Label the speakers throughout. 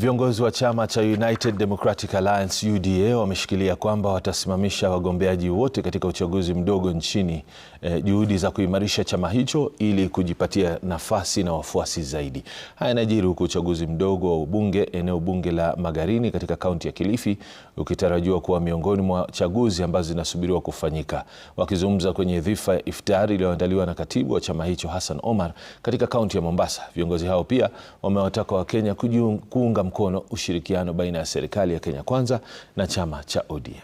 Speaker 1: Viongozi wa chama cha United Democratic Alliance UDA wameshikilia kwamba watasimamisha wagombeaji wote katika uchaguzi mdogo nchini, eh, juhudi za kuimarisha chama hicho ili kujipatia nafasi na wafuasi zaidi. Haya yanajiri huku uchaguzi mdogo wa ubunge eneo bunge la Magarini katika kaunti ya Kilifi ukitarajiwa kuwa miongoni mwa chaguzi ambazo zinasubiriwa kufanyika. Wakizungumza kwenye dhifa ya iftari iliyoandaliwa na katibu wa chama hicho Hassan Omar katika kaunti ya Mombasa, viongozi hao pia wamewataka Wakenya kujiunga mkono ushirikiano baina ya serikali ya Kenya Kwanza na chama cha ODM.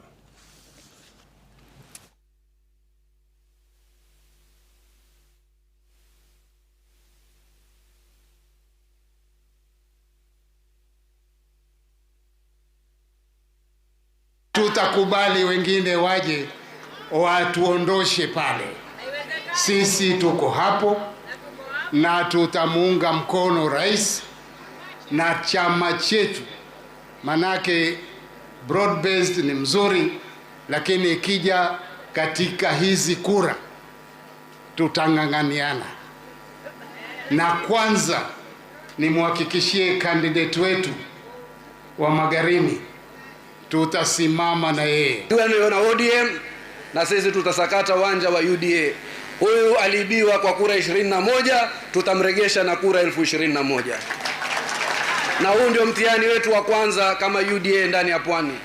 Speaker 2: Tutakubali wengine waje watuondoshe pale. Sisi tuko hapo na tutamuunga mkono rais na chama chetu, manake broad based ni mzuri, lakini ikija katika hizi kura tutang'ang'aniana. Na kwanza nimhakikishie kandidati wetu wa magarini tutasimama na yeye.
Speaker 3: Anaona ODM na sisi tutasakata uwanja wa UDA. Huyu aliibiwa kwa kura 21, tutamregesha na kura elfu 21 na huu ndio mtihani wetu wa kwanza kama UDA ndani ya Pwani,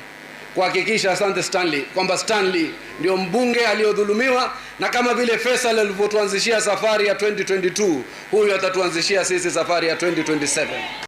Speaker 3: kuhakikisha, asante Stanley, kwamba Stanley ndio mbunge aliyodhulumiwa, na kama vile Faisal alivyotuanzishia safari ya 2022 huyu atatuanzishia sisi safari ya 2027.